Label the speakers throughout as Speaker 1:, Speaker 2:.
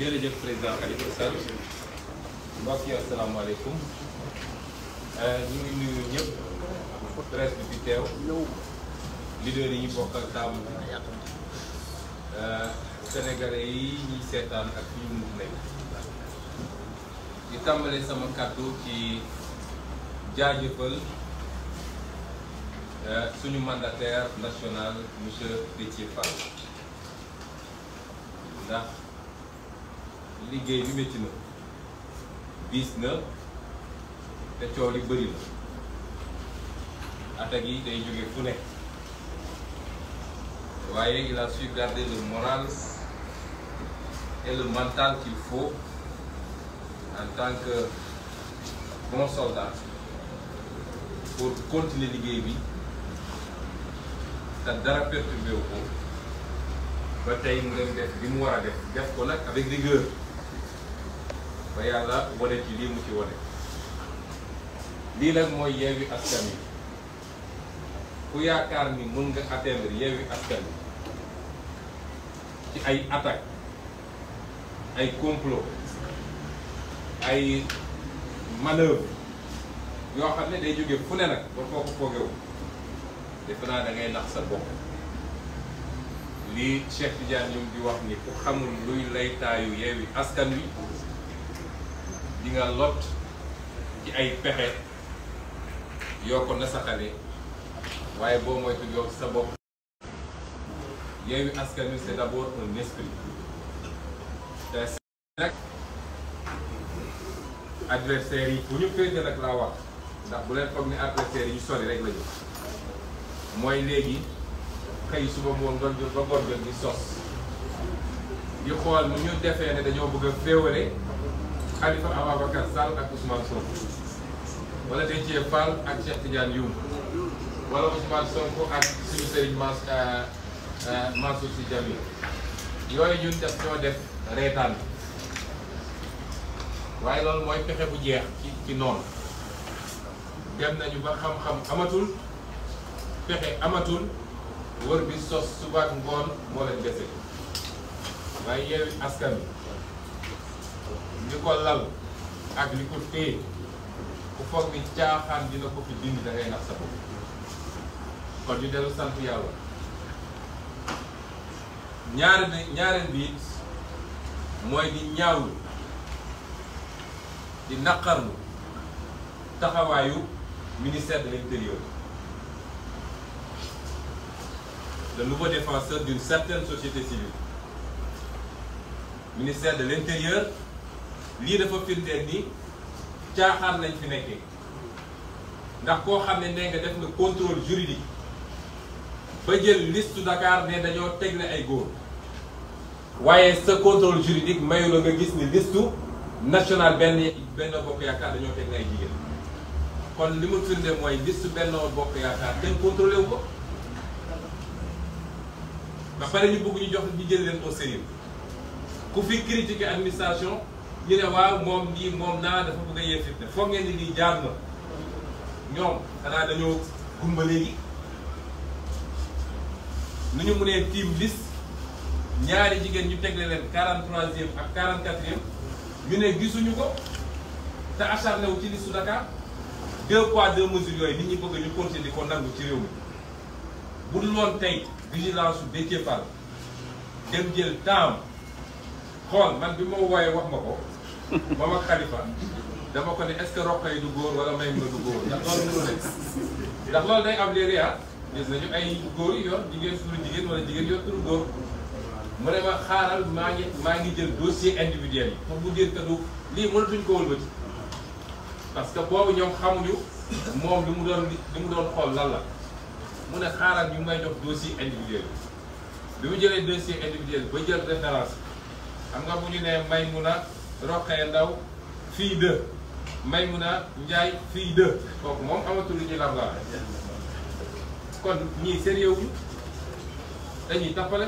Speaker 1: jërëjëf président Khalifa Sall mbokk yi asalaamaaleykum euh, ñu ngi nuyu ñëpp presse bi fi teew leader yi ñu bokkal taamu euh, sénégalais yi ñuy seetaan ak fi ñu mun nekk di tàmbale sama kàddu ci jaajëfal Euh, son mandataire national M. pétier Fall ligue liggéey bi le na diis na te li il a su garder le moral et le mental qu'il faut en tant que bon soldat pour continuer le te dara perturbé wu ko ba tey mu dem def li mu war a def def ko nag avec rigueur ba yàlla ci lii mu ci wane lii nag mooy yeewi askan wi ku yaakaar ni mën nga atteindre yeewi askan wi ci ay attaque ay complot ay manœuvre yoo xam ne day jóge fu ne nag ba foo defe naa da nax sa bopp lii Cheikh Tidiane ñoom di wax ni ku xamul luy laytaayu yeewi askan wi di lot ci ay pexe yoo ko nasaxale waaye boo moytu yow sa bopp yeewi askan wi c'est d'abord un te nag adversaire yi bu ñu féete nag laa wax ne adversaire yi sori rek la mooy léegi xëy suba moom doon jot ba góor jot di sos di xool nu ñu defee ne dañoo bëgg a féewale Khalifa Ababacar Sall ak Ousmane Sonko wala Déthié Fall ak Cheikh Tidiane Youm wala Ousmane Sonko ak suñu sëriñ Mansour euh, euh, Mansour Sy Djamil yooyu ñu def ñoo def reetaan waaye loolu mooy pexe bu jeex ki ci noonu dem nañu ba xam-xam amatul. pexe amatul wër bi sos suba ak ngoon moo leen dese waaye yeewi askan bi li ko lal ak li ko téye ku foog ni caaxaan dina ko fi dindi da nax sa bopp kon ñu dellu sant yàlla ñaari ñaareel bi mooy di ñaawlu di naqarlu taxawaayu ministère de l'intérieur le nouveau défenseur d'une certaine société civile ministère de l'intérieur lii dafa firndeel ni caaxaan lañ fi nekkee ndax koo xam ne nga def na contrôle juridique ba jël liste Dakar ne dañoo teg na ay góor waaye sa contrôle juridique mayu la nga gis ni liste nationale benn benn bokk yaakaar dañoo teg na ay jigéen kon li mu firnde liste benn bokk yaakaar kenn contrôlé wu ko. ba pare ñu bëgg ñu jox ñu jël leen au sérieux ku fi critiquer administration ñu ne waaw moom nii moom naa dafa bëgg a yee fitna foog ngeen ni lii jaar na ñoom xanaa dañoo gumba léegi nu ñu mënee team liste ñaari jigéen ñu tegle leen quarante troisième ak quarante quatrième ñu ne gisuñu ko te acharné wu ci listu Dakar deux poids deux mesures yooyu nit ñi bëgg ñu continuer di ko nangu ci réew mi bu dul woon tey vigilance su Déthié dem jël temps xool man bi moom wooyee wax ma ko ba ak Khalifa dama ko ne est-ce que yi du góor wala may nga du góor ndax loolu mënu am léegi ah nañu ay góor yoo yor jigéen suñu jigéen wala jigéen yor turu góor mu ne ma xaaral maa ngi maa ngi jël dossier individuel yi pour bu dire que du lii mënatuñ ko wëlbati parce que boobu ñoom xamuñu moom li mu doon li mu doon xool lan la mu ne xaaral yu may jox dossier individuel bi mu jëlee dossier individuel ba jël référence xam nga bu ñu nee Maymuna Roqee Ndaw fille de Maymuna Njaay fille de kooku moom amatul lu ñuy labla kon ñii sérieux wu dañuy tappale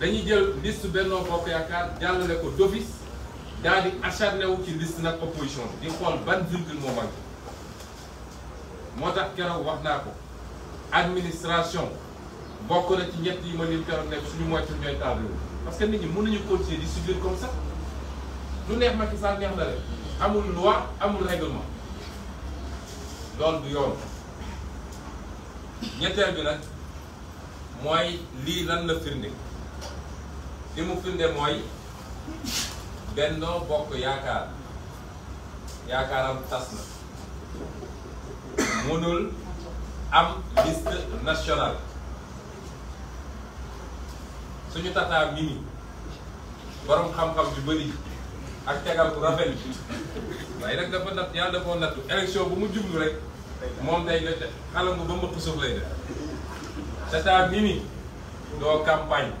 Speaker 1: dañuy jël liste Benno Bokk Yaakaar jàllale ko d'office daal di acharné wu ci list nag opposition di xool ban virgule moo moo tax keroog wax naa ko administration bokk na ci ñett yi ma lim keroog nekk suñu moytu ñooy taal parce que nit ñi mën nañu continuer di subir comme ça lu neex Macky Sall neex na rek amul loi amul règlement loolu du yoon ñetteel bi nag mooy lii lan la firnde li mu firnde mooy Benno Bokk Yaakaar yaakaaram tas na mënul am liste nationale suñu tataa mi ni borom xam-xam yu bëri ak tegal ku rafet waaye nag dafa natt yàlla dafa nattu élection bu mu jublu rek moom day def xalangu ba mbëkk suuf lay def tataa mi ni doo campagne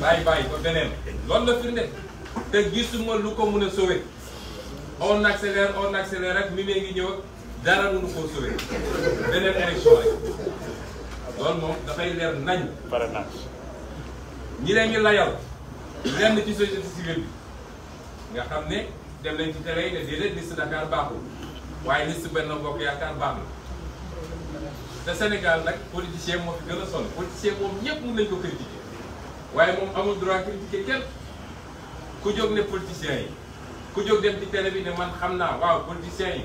Speaker 1: bàyyi bàyyi ba beneen loolu te gisuma lu ko mun a on accélère on accélère rek mi ngi ñëw dara mënu koo sauvé beneen élection rek loolu moom dafay leer nañ. bare nañ. ñi leen ñu layal lenn ci société civile bi nga xam ne dem nañ ci tere yi ne déedéet liste Dakar baaxul waaye liste Benno Bokk Yaakaar baax na te Sénégal nag politicien moo fi gën a sonn politicien moom ñëpp mun nañ ko critiquer waaye moom amul droit critiquer kenn ku jóg ne politiciens yi ku jóg dem ci télé bi ne man xam naa waaw politiciens yi.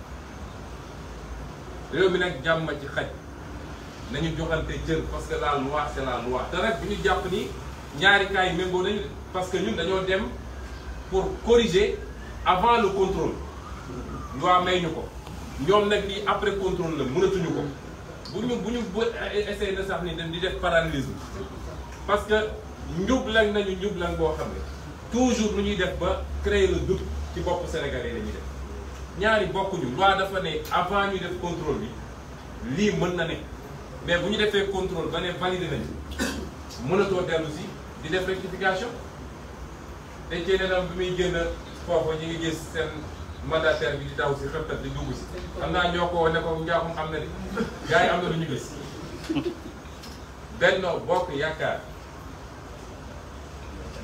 Speaker 1: réew mi nag jàmm ci xaj nañu joxante jël parce que la loi c'est la loi te rek bu ñu jàpp ni ñaari cas yi méngoo nañu parce que ñun dañoo dem pour corriger avant le contrôle loi may ñu ko ñoom nag lii après contrôle la mënatuñu ko bu ñu bu ñu bu essayé na sax ni dem di def parallélisme parce que njublang nañu njublang boo xam ne toujours lu ñuy def ba créer le doute ci bopp Sénégalais la ñuy def ñaari bokkuñu loi dafa ne avant ñu def contrôle bi lii mën na ne mais bu ñu defee contrôle ba ne validé nañu mënatoo dellu si di def rectification dañ cee nenam bi muy génn foofu ñu ngi gis seen mandataire bi di daw si xëttat di dugg si xam naa ñoo ko ne ko njaaxum am na de gars yi am na lu ñu gis benno bokk yaakaar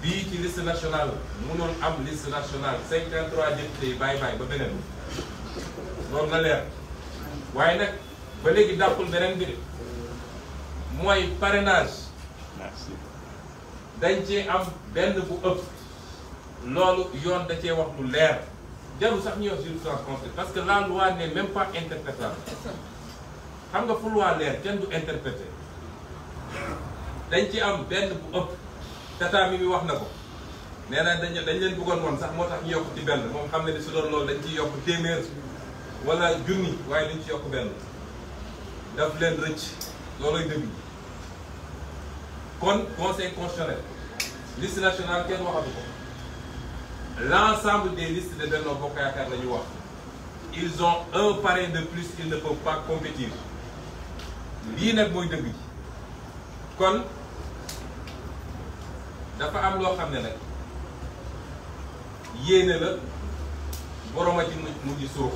Speaker 1: bii ci liste nationale mënoon am liste nationale 53 députés yi bàyyi bàyyi ba beneen loolu na leer waaye nag ba léegi dàqul beneen bi mooy parrainage dañ cee am benn bu ëpp loolu yoon da cee wax lu leer jarul sax ñuy wax jurisprudence constitutionnelle parce que la loi n'est même pas interprétable xam nga fu loi leer kenn du interpréter dañ ci am benn bu ëpp tataami bi wax nako ko nee dañ dañ leen bëggoon won sax motax ñu yokk ci benn moom xam ne su doon loolu dañ ci yokk téeméer wala junni waaye dañ ci yokk benn daf leen rëcc looloy dëgg kon conseil constitutionnel liste nationale kenn waxatu ko l' ensemble des listes de Benno Bokk Yaakaar la ñu wax ils ont un parrain de plus ils ne peuvent pas compétir lii nag mooy dëgg ji kon dafa am loo xam ne nag yéene la boroma ci mu mujj suux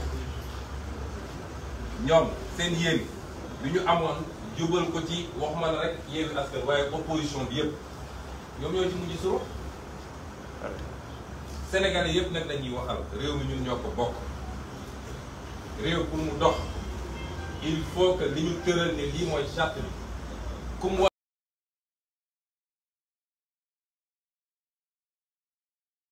Speaker 1: ñoom seen yéene bi ñu amoon jubal ko ci waxuma la rek yéen askan waaye opposition bi yëpp ñoom ñoo ci mujj suux Sénégalais yëpp nag dañuy waxal réew mi ñun ñoo ko bokk réew pour mu dox il faut que li ñu tëral ne lii mooy charte bi